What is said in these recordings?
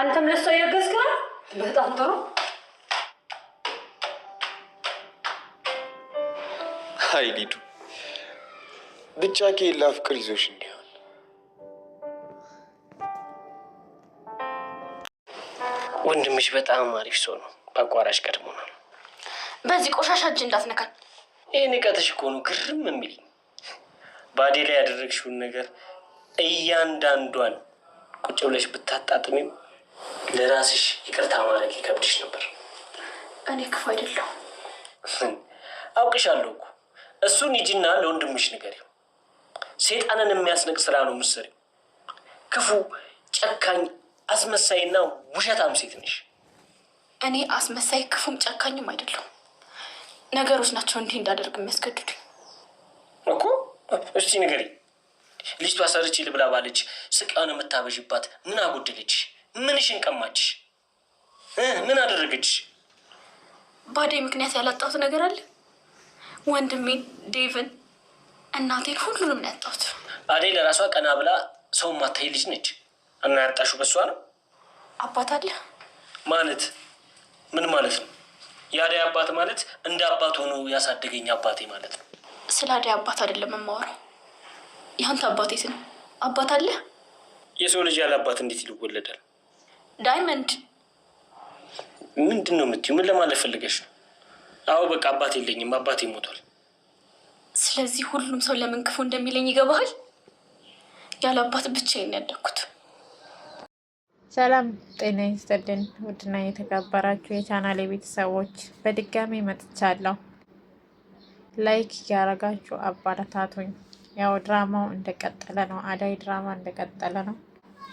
አንተም ለሷ እያገዝክ በጣም ጥሩ። አይ ሊዱ ብቻ ከላ ፍቅር ይዞሽ እንዲሆን ወንድምሽ በጣም አሪፍ ሰው ነው። በአቋራጭ ነው በዚህ ቆሻሻ እጅ እንዳትነካኝ። ይህ ንቀትሽ እኮ ነው ግርም የሚል ባዴ ላይ ያደረግሽውን ነገር እያንዳንዷን ቁጭ ብለሽ ብታጣጥሚም ለራስሽ ይቅርታ ማድረግ ይከብድሽ ነበር። እኔ ክፉ አይደለሁ አውቅሻለሁ እኮ። እሱን ሂጂና ለወንድምሽ ንገሪው። ሴጣንን የሚያስነቅ ስራ ነው ምስር። ክፉ፣ ጨካኝ፣ አስመሳይና ውሸታም ሴት ነሽ። እኔ አስመሳይ ክፉም ጨካኝም አይደለሁም። ነገሮች ናቸው እንዲህ እንዳደርግ የሚያስገድዱኝ እኮ። እስቲ ንገሪ ልጅቷ ሰርች ልብላ ባለች ስቃን የምታበዥባት ምን አጎደለች? ምንሽን ቀማች? ምን አደረገች? በአደይ ምክንያት ያላጣሁት ነገር አለ። ወንድሜን፣ ዴቭን፣ እናቴን ሁሉንም ነው ያጣሁት። አደይ ለራሷ ቀና ብላ ሰው ማታይ ልጅ ነች እና ያጣሹ በሷ ነው። አባት አለ ማለት ምን ማለት ነው? የአደይ አባት ማለት እንደ አባት ሆኖ ያሳደገኝ አባቴ ማለት ነው። ስለ አደይ አባት አይደለም የማወራው የአንተ አባት የት ነው? አባት አለ? የሰው ልጅ ያለ አባት እንዴት ይወለዳል? ዳይመንድ ምንድን ነው የምትይው? ምን ለማለት ፈልገሽ ነው? አዎ በቃ አባት የለኝም፣ አባቴ ሞቷል። ስለዚህ ሁሉም ሰው ለምን ክፉ እንደሚለኝ ይገባሃል። ያለ አባት ብቻዬን ነው ያደግኩት። ሰላም ጤና ይስጥልን። ውድና የተከበራችሁ የቻናሌ ቤተሰቦች በድጋሚ መጥቻለሁ። ላይክ እያረጋችሁ አባላታቱኝ። ያው ድራማው እንደቀጠለ ነው። አዳይ ድራማ እንደቀጠለ ነው።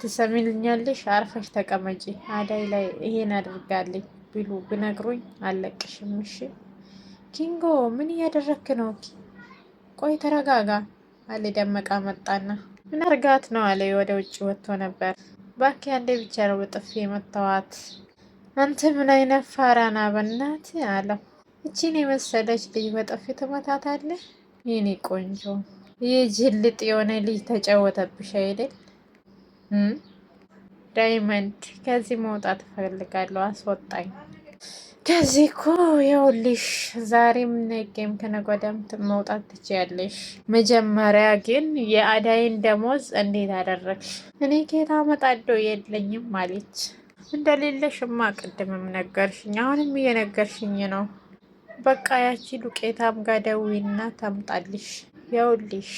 ትሰሚልኛለሽ? አርፈሽ ተቀመጪ። አዳይ ላይ ይሄን አድርጋለኝ ቢሉ ብነግሩኝ አለቅሽም። እሺ ኪንጎ፣ ምን እያደረክ ነው? ቆይ ተረጋጋ አለ ደመቃ። መጣና ምን አርጋት ነው አለ። ወደ ውጭ ወጥቶ ነበር። ባኪ አንዴ ብቻ ነው በጥፊ መተዋት። አንተ ምን አይነት ፋራና በናት አለው። እቺን የመሰለች ልጅ በጥፊ ትመታታለህ? ይህኔ ቆንጆ የጅልጥ የሆነ ልጅ ተጫወተብሽ አይደል? ዳይመንድ ከዚህ መውጣት እፈልጋለሁ፣ አስወጣኝ ከዚህ እኮ የውልሽ ዛሬም ነገም ከነገ ወዲያም መውጣት ትችያለሽ። መጀመሪያ ግን የአዳይን ደሞዝ እንዴት አደረግሽ? እኔ ጌታ መጣደው የለኝም አለች። እንደሌለሽማ ቅድምም ነገርሽኝ፣ አሁንም እየነገርሽኝ ነው። በቃ ያቺ ዱቄታም ጋር ደዊና ታምጣልሽ ያውልሽ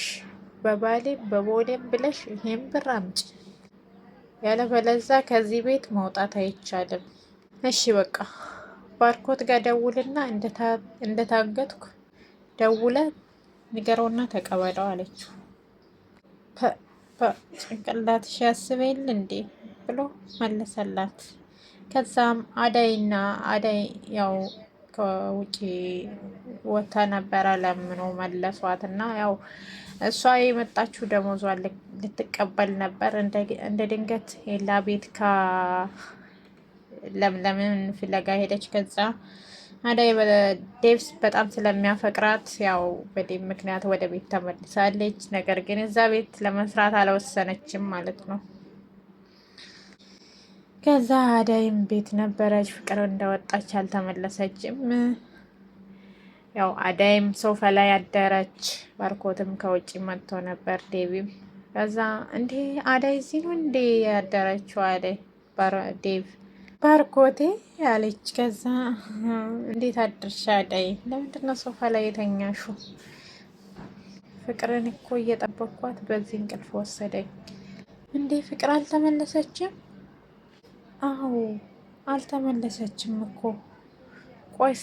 በባሌም በቦሌም ብለሽ ይሄን ብር አምጪ፣ ያለበለዛ ከዚህ ቤት መውጣት አይቻልም። እሺ በቃ ባርኮት ጋር ደውልና እንደታገትኩ ደውለ ንገረውና ተቀበለው አለችው። ጭንቅላትሽ ያስበል እንዴ ብሎ መለሰላት። ከዛም አዳይና አዳይ ያው ከውጪ ወጥታ ነበረ ለምኖ መለሷት እና ያው እሷ የመጣችው ደሞዟ ልትቀበል ነበር። እንደ ድንገት ሄላ ቤት ከለምለምን ፍለጋ ሄደች። ከዛ አዳይ ዴቭስ በጣም ስለሚያፈቅራት ያው በዴቭ ምክንያት ወደ ቤት ተመልሳለች። ነገር ግን እዛ ቤት ለመስራት አልወሰነችም ማለት ነው። ከዛ አደይም ቤት ነበረች። ፍቅር እንደወጣች አልተመለሰችም። ያው አዳይም ሶፋ ላይ አደረች። ባርኮትም ከውጭ መጥቶ ነበር ዴቪም ከዛ እንዴ አዳይ እዚህ ነው እንዴ ያደረችው አለ ዴቭ ባርኮቴ ያለች ከዛ እንዴት አድርሻ አዳይ ለምንድን ነው ሶፋ ላይ የተኛሹ? ፍቅርን እኮ እየጠበኳት በዚህ እንቅልፍ ወሰደኝ። እንዴ ፍቅር አልተመለሰችም? አዎ አልተመለሰችም እኮ ቆይ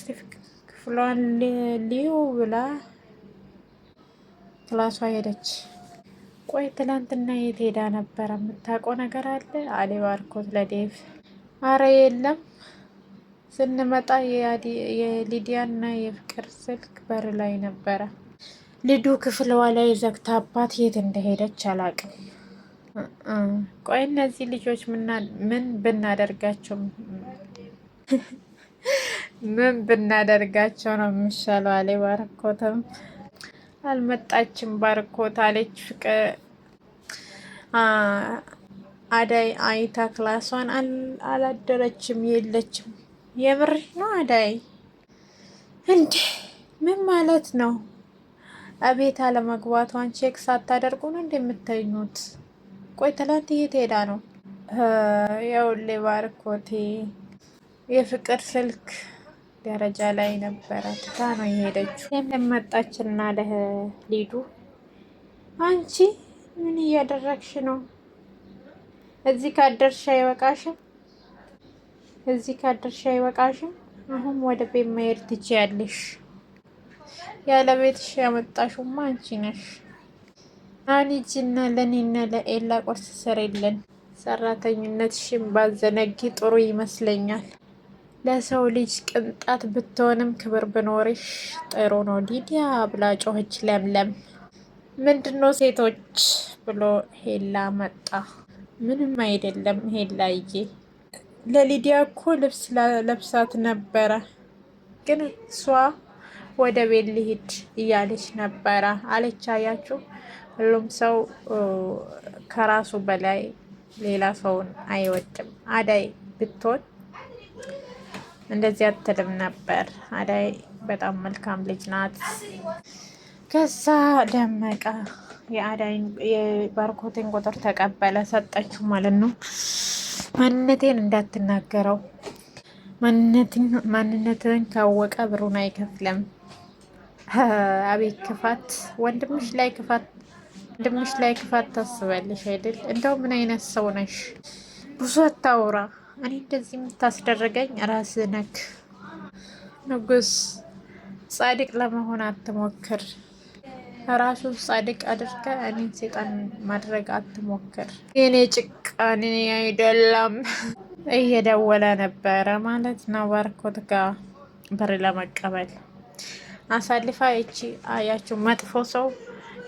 ክፍሏን ልዩ ብላ ክላሷ ሄደች። ቆይ ትላንትና የት ሄዳ ነበረ? የምታውቀው ነገር አለ? አሊ ባርኮት ለዴቭ አረ የለም ስንመጣ የሊዲያና የፍቅር ስልክ በር ላይ ነበረ። ልዱ ክፍልዋ ላይ ዘግታ አባት የት እንደሄደች አላቅም። ቆይ እነዚህ ልጆች ምን ብናደርጋቸው ምን ብናደርጋቸው ነው የሚሻለው? አለ ባርኮትም አልመጣችም። ባርኮት አለች ፍቅር አዳይ አይታ ክላሷን አላደረችም፣ የለችም። የምር ነው አዳይ። እንዴ ምን ማለት ነው? እቤት አለመግባቷን ቼክ ሳታደርጉ ነው እንደምተኙት? ቆይ ትላንት የት ሄዳ ነው? የውሌ ባርኮቴ የፍቅር ስልክ ደረጃ ላይ ነበረ። ትታ ነው የሄደችው። የምመጣችና ሊዱ አንቺ ምን እያደረግሽ ነው? እዚህ ካደርሽ አይበቃሽም? እዚህ ካደርሽ አይበቃሽም? አሁን ወደ ቤት መሄድ ትችያለሽ። ያለ ቤትሽ ያመጣሽውማ አንቺ ነሽ። አንቺና ለኔና ለኤላ ቁርስ ሰሪልን። ሰራተኝነትሽን ባዘነጊ ጥሩ ይመስለኛል። ለሰው ልጅ ቅንጣት ብትሆንም ክብር ብኖርሽ ጥሩ ነው ሊዲያ ብላ ጮኸች። ለምለም ምንድነው ሴቶች ብሎ ሄላ መጣ። ምንም አይደለም ሄላዬ፣ ለሊዲያ እኮ ልብስ ለብሳት ነበረ፣ ግን እሷ ወደ ቤት ልሂድ እያለች ነበረ አለች። አያችሁ ሁሉም ሰው ከራሱ በላይ ሌላ ሰውን አይወድም። አዳይ ብትሆን እንደዚህ አትልም ነበር። አዳይ በጣም መልካም ልጅ ናት። ከዛ ደመቀ የአዳይን የባርኮቴን ቁጥር ተቀበለ፣ ሰጠችው ማለት ነው። ማንነቴን እንዳትናገረው ማንነትን ካወቀ ብሩን አይከፍልም። አቤት ክፋት! ወንድምሽ ላይ ክፋት ወንድምሽ ላይ ክፋት ታስበልሽ አይደል? እንደው ምን አይነት ሰው ነሽ? ብዙ አታውራ እኔ እንደዚህ የምታስደረገኝ ራስ ነክ። ንጉስ ጻድቅ ለመሆን አትሞክር። ራሱ ጻድቅ አድርገ እኔን ሴጣን ማድረግ አትሞክር። የኔ ጭቃኔ አይደለም። እየደወለ ነበረ ማለት ነው ባርኮት ጋር ብር ለመቀበል አሳልፋ ይቺ አያችሁ መጥፎ ሰው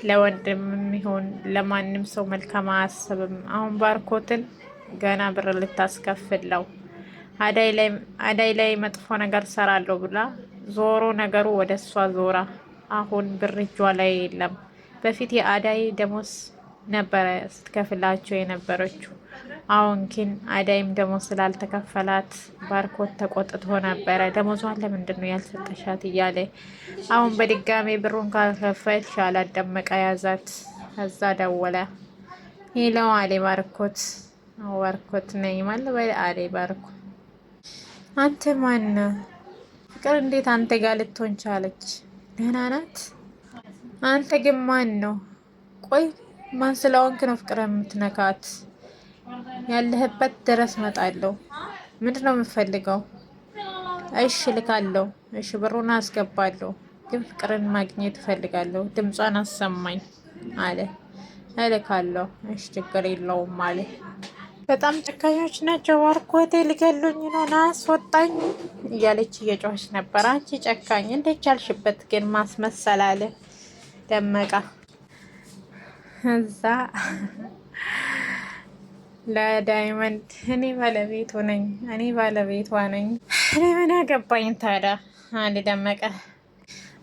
ለወንድም የሚሆን ለማንም ሰው መልካም አያስብም። አሁን ባርኮትን ገና ብር ልታስከፍለው አዳይ ላይ መጥፎ ነገር ሰራለሁ ብላ ዞሮ ነገሩ ወደ እሷ ዞራ፣ አሁን ብር እጇ ላይ የለም። በፊት የአዳይ ደሞዝ ነበረ ስትከፍላቸው የነበረችው። አሁን ግን አዳይም ደሞዝ ስላልተከፈላት ባርኮት ተቆጥቶ ነበረ። ደሞዟን ለምንድን ነው ያልሰጠሻት እያለ አሁን በድጋሜ ብሩን ካልከፈልሽ አላደመቀ ያዛት። እዛ ደወለ ሄለው አሌ ባርኮት ባርኮት ነኝ ማለ ወይ አሬ ባርኮ አንተ ማን ፍቅር እንዴት አንተ ጋር ልትሆን ቻለች? ደህና ናት። አንተ ግን ማን ነው? ቆይ ማን ስለሆንክ ነው ፍቅር የምትነካት? ያለህበት ድረስ መጣለሁ። ምንድን ነው የምፈልገው? እሺ ልካለሁ። እሺ ብሩን አስገባለሁ፣ ግን ፍቅርን ማግኘት እፈልጋለሁ። ድምጿን አሰማኝ አለ። እልካለሁ። እሺ ችግር የለውም አለ። በጣም ጨካኞች ናቸው። ባርኮቴ ሊገሉኝ ነው፣ ና አስወጣኝ እያለች እየጮኸች ነበር። አንቺ ጨካኝ እንዴት ቻልሽበት ግን ማስመሰል አለ ደመቃ። እዛ ለዳይመንድ እኔ ባለቤቱ ነኝ፣ እኔ ባለቤቷ ነኝ፣ እኔ ምን አገባኝ ታዲያ አለ ደመቀ።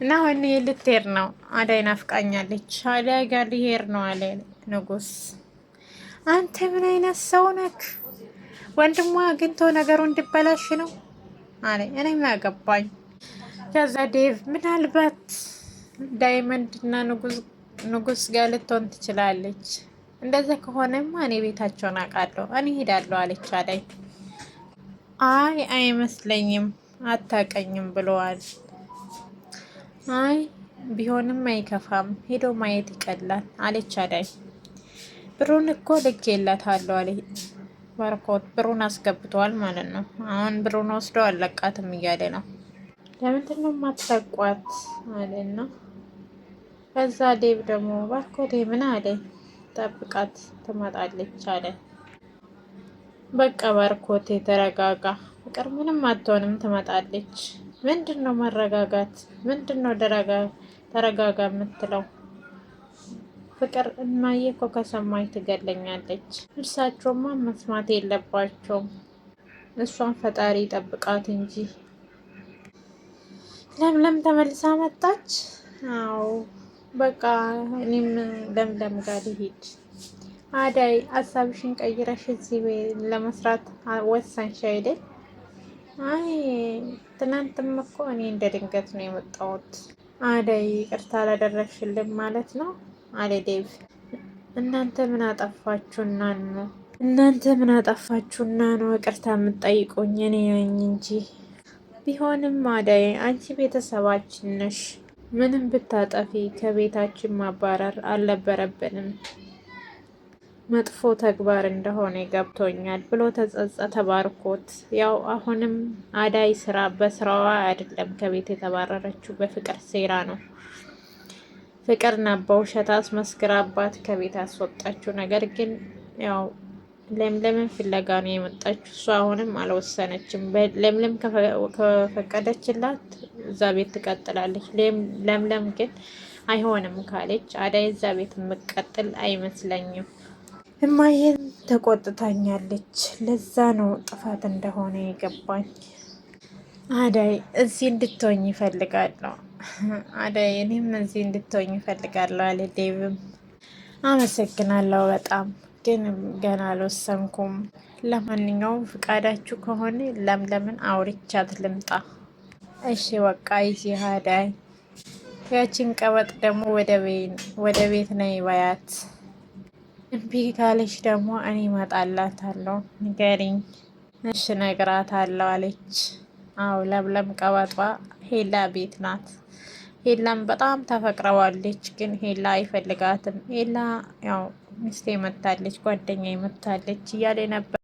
እና አሁን ልትሄድ ነው አዳይ ናፍቃኛለች፣ አዳይ ጋር ልሄድ ነው አለ ንጉስ አንተ ምን አይነት ሰው ነክ? ወንድሟ አግኝቶ ነገሩ እንዲበላሽ ነው አለ። እኔ ምን አገባኝ። ከዛ ዴቭ ምናልባት ዳይመንድ እና ንጉስ ጋር ልትሆን ትችላለች። እንደዛ ከሆነማ እኔ ቤታቸውን አውቃለሁ፣ እኔ ሄዳለሁ አለች አዳይ። አይ አይመስለኝም፣ አታቀኝም ብለዋል። አይ ቢሆንም አይከፋም፣ ሄዶ ማየት ይቀላል አለች አዳኝ። ብሩን እኮ ልኬላታለሁ አለ ባርኮት። ብሩን አስገብተዋል ማለት ነው። አሁን ብሩን ወስዶ አለቃትም እያለ ነው። ለምንድን ነው የማትለቋት አለና ከዛ ዴብ ደግሞ ባርኮቴ ምን አለ ጠብቃት ትመጣለች አለ። በቃ ባርኮቴ ተረጋጋ፣ ፍቅር ምንም አትሆንም ትመጣለች። ምንድን ነው መረጋጋት? ምንድን ነው ተረጋጋ የምትለው? ፍቅር እማዬ እኮ ከሰማኝ ትገለኛለች። እርሳቸውማ መስማት የለባቸውም። እሷን ፈጣሪ ጠብቃት እንጂ። ለምለም ተመልሳ መጣች። አዎ በቃ እኔም ለምለም ጋር ልሂድ። አዳይ ሀሳብሽን ቀይረሽ እዚህ ለመስራት ወሰንሽ አይደል? አይ ትናንትም እኮ እኔ እንደ ድንገት ነው የመጣሁት። አዳይ ይቅርታ አላደረግሽልም ማለት ነው አለ ዴቭ። እናንተ ምን አጠፋችሁና ነው እናንተ ምን አጠፋችሁና ነው ይቅርታ የምትጠይቁኝ? እኔ ነኝ እንጂ ቢሆንም አደይ አንቺ ቤተሰባችን ነሽ። ምንም ብታጠፊ ከቤታችን ማባረር አልነበረብንም። መጥፎ ተግባር እንደሆነ ገብቶኛል ብሎ ተጸጸተ ባርኮት። ያው አሁንም አዳይ ስራ በስራዋ አይደለም ከቤት የተባረረችው በፍቅር ሴራ ነው። ፍቅርና በውሸት አስመስክራ አባት ከቤት አስወጣችው። ነገር ግን ያው ለምለምን ፍለጋ ነው የመጣችው። እሱ አሁንም አልወሰነችም። ለምለም ከፈቀደችላት እዛ ቤት ትቀጥላለች። ለምለም ግን አይሆንም ካለች አዳይ እዛ ቤት የምቀጥል አይመስለኝም። እማዬን ተቆጥታኛለች። ለዛ ነው ጥፋት እንደሆነ የገባኝ። አዳይ እዚህ እንድትሆኝ ይፈልጋለሁ አደይ እኔም እዚህ እንድትሆኝ እፈልጋለሁ አለ ዴቭም። አመሰግናለሁ በጣም ግን ገና አልወሰንኩም። ለማንኛውም ፍቃዳችሁ ከሆነ ለምለምን አውርቻት ልምጣ። እሺ በቃ ይህ አደይ ያችን ቀበጥ ደግሞ ወደ ቤት ነይ በያት። እምቢ ካለች ደግሞ እኔ እመጣላታለሁ። ንገሪኝ። እሺ እነግራታለሁ አለች። አዎ ለምለም ቀበጧ ሄላ ቤት ናት። ሄላም በጣም ተፈቅረዋለች፣ ግን ሄላ አይፈልጋትም። ሄላ ያው ሚስቴ መታለች፣ ጓደኛ መታለች እያለ ነበር።